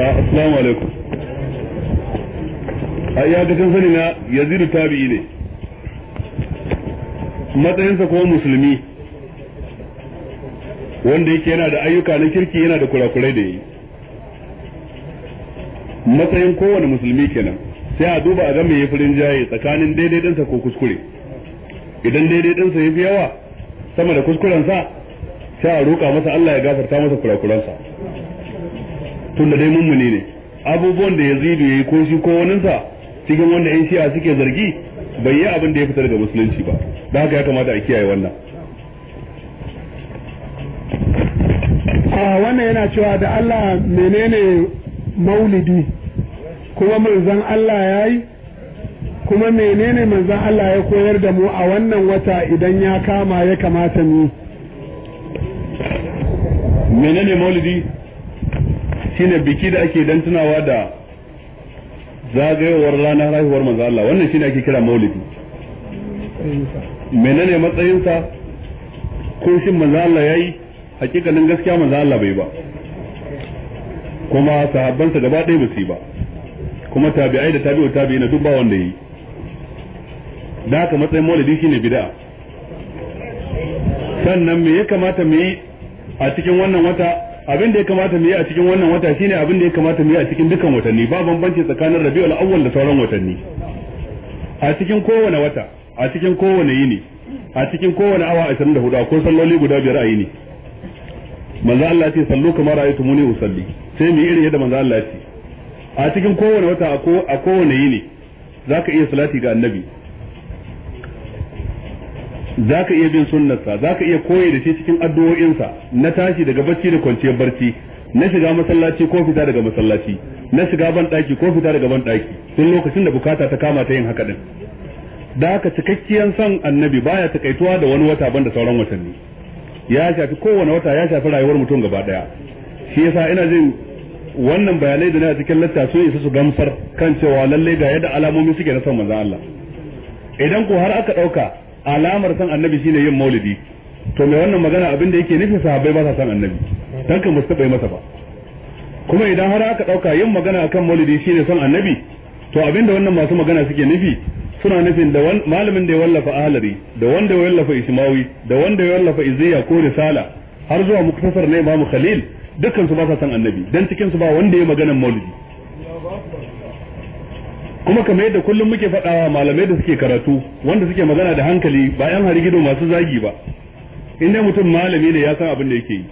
[SPEAKER 1] ah, Assalamu alaikum a iyakacin sani na yazidu tabi'i ne matsayinsa kuma musulmi wanda yake yana da ayyuka na kirki yana da kurakurai da yi matsayin kowane musulmi kenan sai a duba a ga me yafi rinjaye tsakanin daidai dinsa ko kuskure idan daidai ya fi yawa sama da kuskuren sa sai a roƙa masa Allah ya gafarta masa kurakuransa da dai mummuni ne abubuwan da ya ya yayi ko shi ko wani cikin wanda yan shi'a suke zargi bai yi abin da ya fitar daga musulunci ba da haka ya kamata a kiyaye wannan
[SPEAKER 2] wannan yana cewa da Allah menene maulidi kuma manzan Allah ya yi kuma menene manzan Allah ya koyar da mu a wannan wata idan ya kama ya kamata mu
[SPEAKER 1] menene maulidi shine biki da ake dan tunawa da zagayowar ranar haihuwar manzan Allah wannan shine ake kira maulidi menene matsayinsa kun shin manzon Allah yi hakikanin gaskiya manzan Allah bai ba kuma sahabbansa gaba ɗaya ba su yi ba kuma tabi'ai da tabi'u tabi'i na duk ba wanda yi da haka matsayin maulidi shine bid'a sannan me ya kamata mu yi a cikin wannan wata abin da ya kamata mu yi a cikin wannan wata shine abin da ya kamata mu yi a cikin dukkan watanni ba bambanci tsakanin Rabiul Awwal da sauran watanni a cikin kowane wata a cikin kowane yini a cikin kowane awa 24 akwai salloli guda biyar a yini manzo Allah ya ce sallu kamar ra'aytumuni usalli sai mu yi irin yadda manzo Allah ya ce a cikin kowane wata a kowane yini za ka iya salati ga annabi za ka iya bin sunnarsa za ka iya koyi da shi cikin addu'o'insa na tashi daga barci da kwanciyar barci na shiga masallaci ko fita daga masallaci na shiga ban daki ko fita daga ban daki tun lokacin da bukata ta kama ta yin haka din da haka cikakkiyar son annabi baya takaituwa da wani wata banda sauran watanni ya shafi kowane wata ya shafi rayuwar mutum gaba daya shi yasa ina jin wannan bayanai da na a cikin latta sun isa su gamsar kan cewa lalle ga yadda alamomi suke na son manzon Allah idan ko har aka dauka alamar san annabi shine yin maulidi to mai wannan magana abin da yake nufin sahabbai ba sa san annabi dan kan musu bai masa ba kuma idan har aka dauka yin magana akan maulidi shine san annabi to abin da wannan masu magana suke nufi suna nufin da malamin da ya wallafa ahlari da wanda ya wallafa ismawi da wanda ya wallafa iziya ko risala har zuwa muktasar na imamu khalil dukkan su ba sa san annabi dan cikin su ba wanda ya maganan maulidi kuma kamar yadda kullum muke faɗawa malamai da suke karatu wanda suke magana da hankali ba yan gido masu zagi ba in dai mutum malami ne ya san abin da yake yi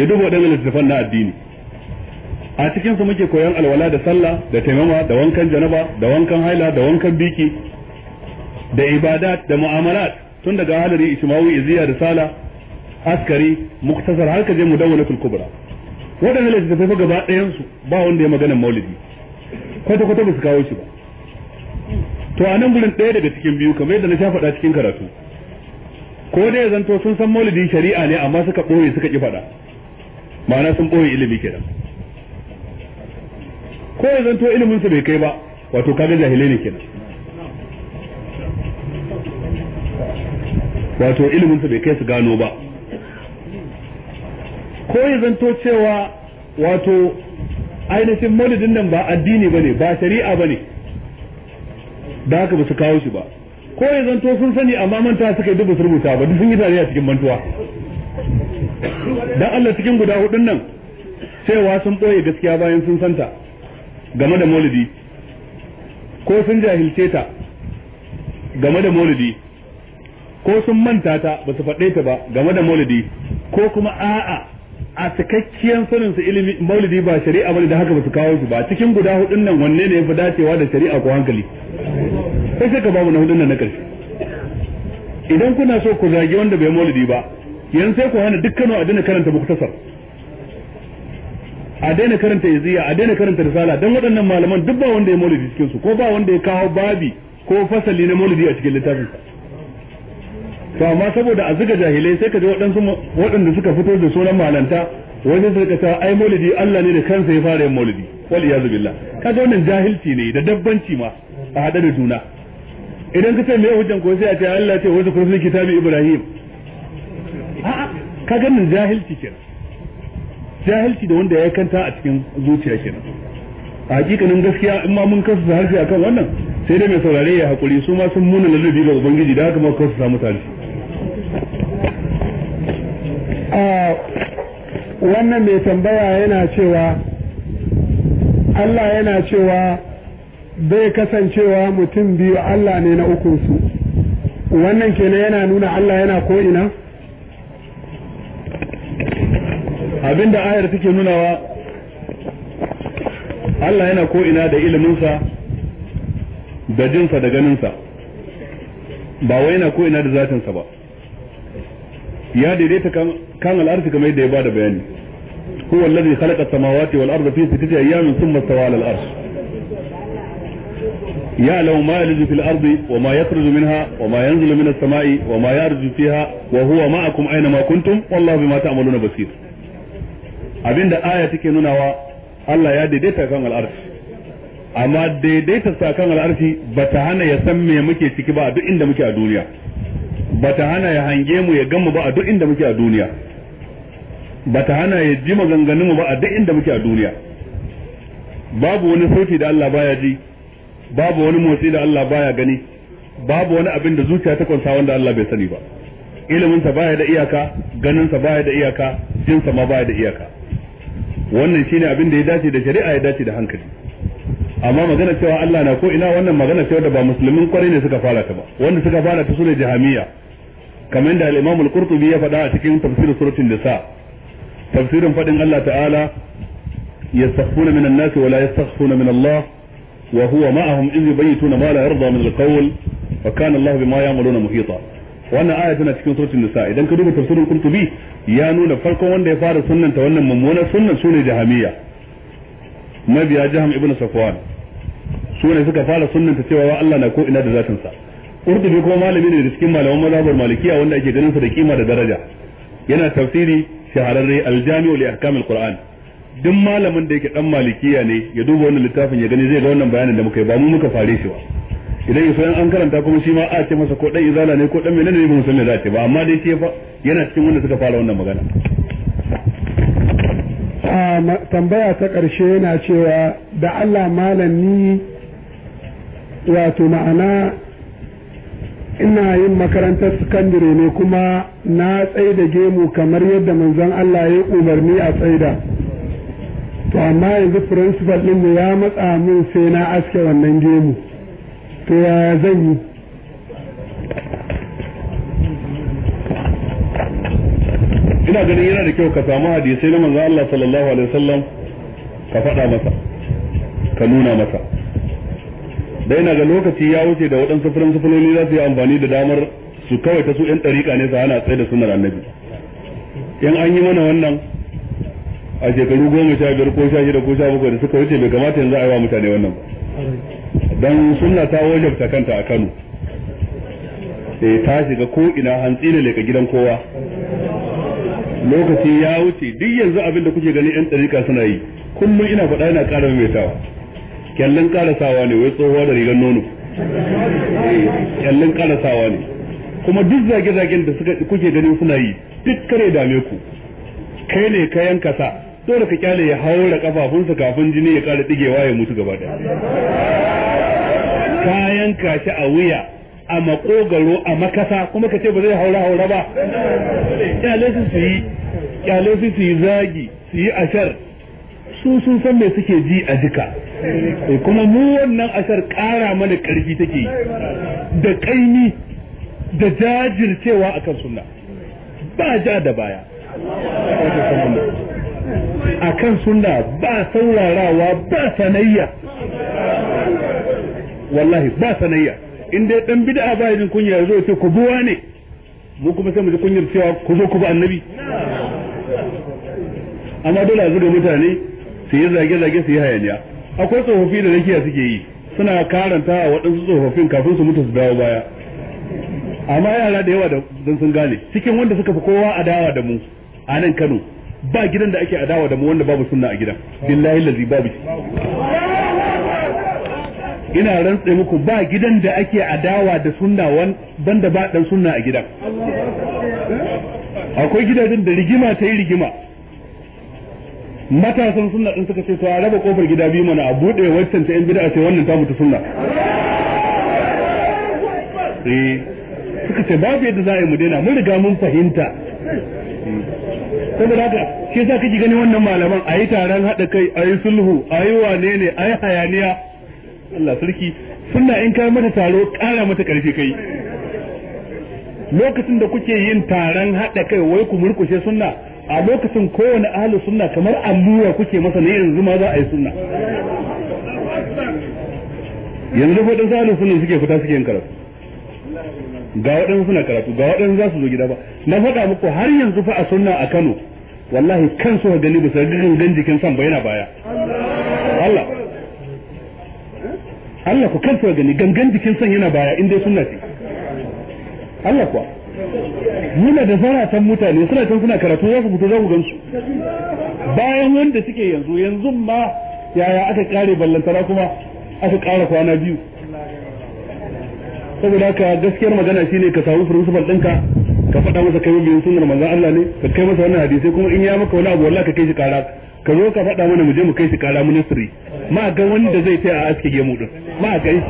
[SPEAKER 1] ya duba dan littattafan na addini a cikin su muke koyon alwala da sallah da taimama da wankan janaba da wankan haila da wankan biki da ibada da mu'amalat tun daga halari ismawi iziya da sala askari muktasar har ka je mudawwanatul kubra waɗannan littattafai fa gaba ɗayan su ba wanda ya magana maulidi kwata kwata ba su kawo shi ba to a nan gurin ɗaya daga cikin biyu kamar yadda na sha faɗa cikin karatu ko dai zanto sun san maulidi shari'a ne amma suka ɓoye suka ƙi faɗa ma'ana sun ɓoye ilimi kenan ko ya zanto ilimin su bai kai ba wato kaga jahilai ne kenan wato ilimin su bai kai su gano ba ko ya zanto cewa wato ainihin maulidin nan ba addini ba ne ba shari'a ba ne da haka ba su kawo shi ba ko ya zanto sun sani amma manta suka yi duk rubuta ba duk sun yi tare a cikin mantuwa dan Allah cikin guda hudun nan cewa sun boye gaskiya bayan sun santa game da maulidi ko sun jahilce ta game da maulidi ko sun manta ta ba su faɗe ta ba game da maulidi ko kuma a'a a cikakkiyar sanin su ilimi maulidi ba shari'a bane da haka ba su kawo su ba cikin guda hudun nan wanne ne yafi dacewa da shari'a ko hankali sai sai ka babu na hudun nan na karshe idan kuna so ku zagi wanda bai maulidi ba yanzu sai ku hana dukkan a daina karanta muktasar a daina karanta yaziya a daina karanta risala dan waɗannan malaman duk ba wanda ya maulidi cikin su ko ba wanda ya kawo babi ko fasali na maulidi a cikin littafin to amma saboda a zuga jahilai sai ka ji waɗansu waɗanda suka fito da sunan malanta wani sai ka ai maulidi Allah ne da kansa ya fara yin maulidi wal iyazu billah kaga wannan jahilci ne da dabbanci ma a hada da juna idan ka ce me hujjan ko sai a ce Allah ce wanda kurfin kitabi Ibrahim a kaga nan jahilci kenan jahilci da wanda ya kanta a cikin zuciya kenan a hakikanin gaskiya in ma mun kasu harshe akan wannan sai dai mai saurare ya hakuri su ma sun muna lalubi ga ubangiji da haka ma kasu samu tarihi
[SPEAKER 2] wannan mai tambaya yana cewa Allah yana cewa bai kasancewa mutum biyu Allah ne na ukunsu wannan kenan yana nuna Allah yana ko'ina abinda ayar take nunawa
[SPEAKER 1] Allah yana ko'ina da iliminsa da jinsa da ganinsa ba wai yana ko'ina da zatinsa ba ya daidaita kan kan al'arshi kamar da ya bada bayani huwa allazi khalaqa as-samawati wal arda fi sittati ayyamin thumma istawa ala al-arsh يعلم ما يلج في الأرض وما يخرج منها وما ينزل من السماء وما يرج فيها وهو معكم أينما كنتم والله بما تعملون بصير abinda aya take nunawa Allah ya daidaita kan al'arshi amma daidaita sa kan al'arshi hana ya san me muke ciki ba duk inda muke a duniya bata hana ya hange mu ya gamu ba a duk inda muke a duniya bata hana ya ji maganganun mu ba a duk inda muke a duniya babu wani sauti da Allah baya ji babu wani motsi da Allah baya gani babu wani abin da zuciya ta kwanta wanda Allah bai sani ba ilimin sa baya da iyaka ganin sa baya da iyaka jin sa ma baya da iyaka wannan shine abin da ya dace da shari'a ya dace da hankali amma magana cewa Allah na ko ina wannan magana cewa da ba musulmin kwarai ne suka fara ta ba wanda suka fara ta sune jahamiya kamar da al-Imam al-Qurtubi ya faɗa a cikin tafsirin suratul nisa tafsirin fadin Allah ta'ala yastakhfuna minan nas wa la yastakhfuna min Allah wa huwa ma'ahum iz yubayituna ma la yarda min al-qawl wa kana Allah bima ya'maluna muhita wannan aya tana cikin suratul nisa idan ka duba tafsirin Qurtubi ya nuna farkon wanda ya fara sunnanta wannan mummunar sunnan sune jahamiya mabiya jiham ibn safwan su ne suka fara sunnanta cewa wa Allah na ko ina da zatin sa kuma malami ne da cikin malaman mazhabar malikiya wanda ake ganin sa da kima da daraja yana tafsiri shahararre aljami'u li ahkam alquran duk malamin da yake dan malikiya ne ya duba wannan littafin ya gani zai ga wannan bayanin da muka yi ba mu muka fare shi ba idan yaso an karanta kuma shi ma a ce masa ko dan izala ne ko dan menene ne ba mu san me za ce ba amma dai ke fa yana cikin wanda suka fara wannan magana
[SPEAKER 2] tambaya ta ƙarshe yana cewa da Allah malam wato ma'ana ina yin makarantar sakandare ne kuma na tsaida gemu kamar yadda manzon Allah ya umarni a tsaida to amma yanzu principal ɗin ya matsa min sai na aske wannan gemu to ya zan yi
[SPEAKER 1] ina ganin yana da kyau ka samu hadisai na manzon Allah sallallahu alaihi wasallam ka faɗa masa ka nuna masa da yana ga lokaci ya wuce da waɗansu sufurin sufuloli za su yi amfani da damar su kawai ta su ɗan dariƙa ne su hana tsaye da sunar annabi in an yi mana wannan a shekaru goma sha biyar ko sha shida ko sha bakwai da suka wuce bai kamata yanzu a yi wa mutane wannan ba don sunna ta wajabta kanta a kano sai eh, ta shiga ko ina hantsi ne leka gidan kowa lokaci ya wuce duk yanzu abin da kuke gani yan ɗarika suna yi kullum ina faɗa yana ƙara maimaitawa kyallin ƙarasawa ne wai tsohuwa da rigar nono kyallin ƙarasawa ne kuma duk zage-zagen da suka kuke ganin suna yi duk kare dame ku kai ne ka yanka sa dole ka kyale ya hau haura kafafunsa kafin jini ya ƙara ɗigewa ya mutu gaba ɗaya ka yanka a wuya a makogaro a makasa kuma ka ce ba zai haura haura ba kyale su yi kyale su yi zagi su yi ashar su sun san me suke ji a jika eh, kuma mu wannan ashar kara mana karfi take yi da kaimi da jajircewa a kan sunna ba ja da baya akan sunna ba saurarawa ba sanayya wallahi ba sanayya in dai dan bid'a ba yin kunya zo ce ku buwa ne mu kuma sai mu ji kunyar cewa ku zo ku ba annabi amma dole a zuga mutane su yi zage zage su yi hayaniya akwai tsofaffi da rakiya suke yi suna karanta a waɗansu tsofaffin kafin su mutu su dawo baya amma yara da yawa da dan sun gane cikin wanda suka fi kowa adawa da mu a nan Kano ba gidan da ake adawa da mu wanda babu sunna a gidan billahi lazi babu ina rantse muku ba gidan da ake adawa da sunna wan banda ba dan sunna a gidan akwai gidajen da rigima ta yi rigima matasan sunna din suka ce to a raba kofar gida biyu mana a bude wancan ta yan bid'a sai wannan ta mutu sunna eh suka ce babu yadda za a yi mu daina mun riga mun fahimta saboda haka shi yasa kake gani wannan malaman ayi taron hada kai ayi sulhu ayi wane ne ayi hayaniya Allah sarki suna in kai mata taro kara mata karfi kai lokacin da kuke yin taron hada kai wai ku murkushe sunna a lokacin kowane ahli sunna kamar allura kuke masa ne yanzu ma za a yi sunna yanzu fa dan sanin sunna suke fita suke yin karatu ga wadannan suna karatu ga wadannan za su zo gida ba na faɗa muku har yanzu fa a sunna a Kano wallahi kansu ga gani bisa dukkan jikin san ba yana baya Allah ku ga gani gangan jikin san yana baya inda dai sunna ce Allah kuwa muna da zaratan mutane suna can suna karatu za ku fito za ku gansu bayan wanda suke yanzu yanzu ma yaya aka kare ballantana kuma aka kara kwana biyu saboda haka gaskiyar magana shine ka samu principal ɗinka ka faɗa masa kai mabiyin sunnar manzon Allah ne ka kai masa wannan hadisi kuma in ya maka wani abu wallahi ka kai shi kara ka zo ka faɗa mana mu je mu kai shi kara ministry ma ga wanda zai taya a aske gemu din ma ga shi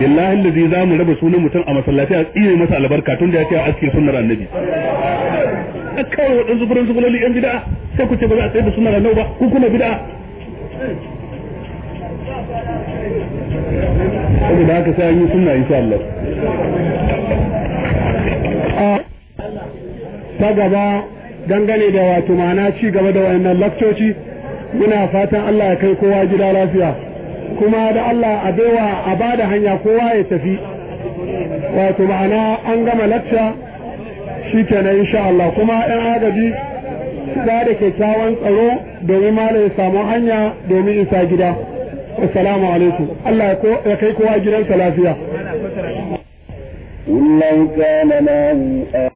[SPEAKER 1] billahi allazi za mu raba sunan mutum a masallaci a tsire masa albarka tun da ya ce a aske sunnar annabi a kawai waɗansu furan su kulali yan bid'a sai ku ce ba za a tsaye da sunnar annabi ba ku kuma bid'a
[SPEAKER 2] haka sai an yi sunna insha Allah ta gaba dangane da wato ma'ana ci gaba da wayannan lakcoci muna fatan Allah ya kai kowa gida lafiya kuma da Allah a baiwa a bada hanya kowa ya tafi wato ma'ana an gama lakca shi na insha Allah kuma 'yan agaji ba da kyakkyawan tsaro domin mala ya samu hanya domin isa gida assalamu alaikum Allah ya kai kowa gidansa lafiya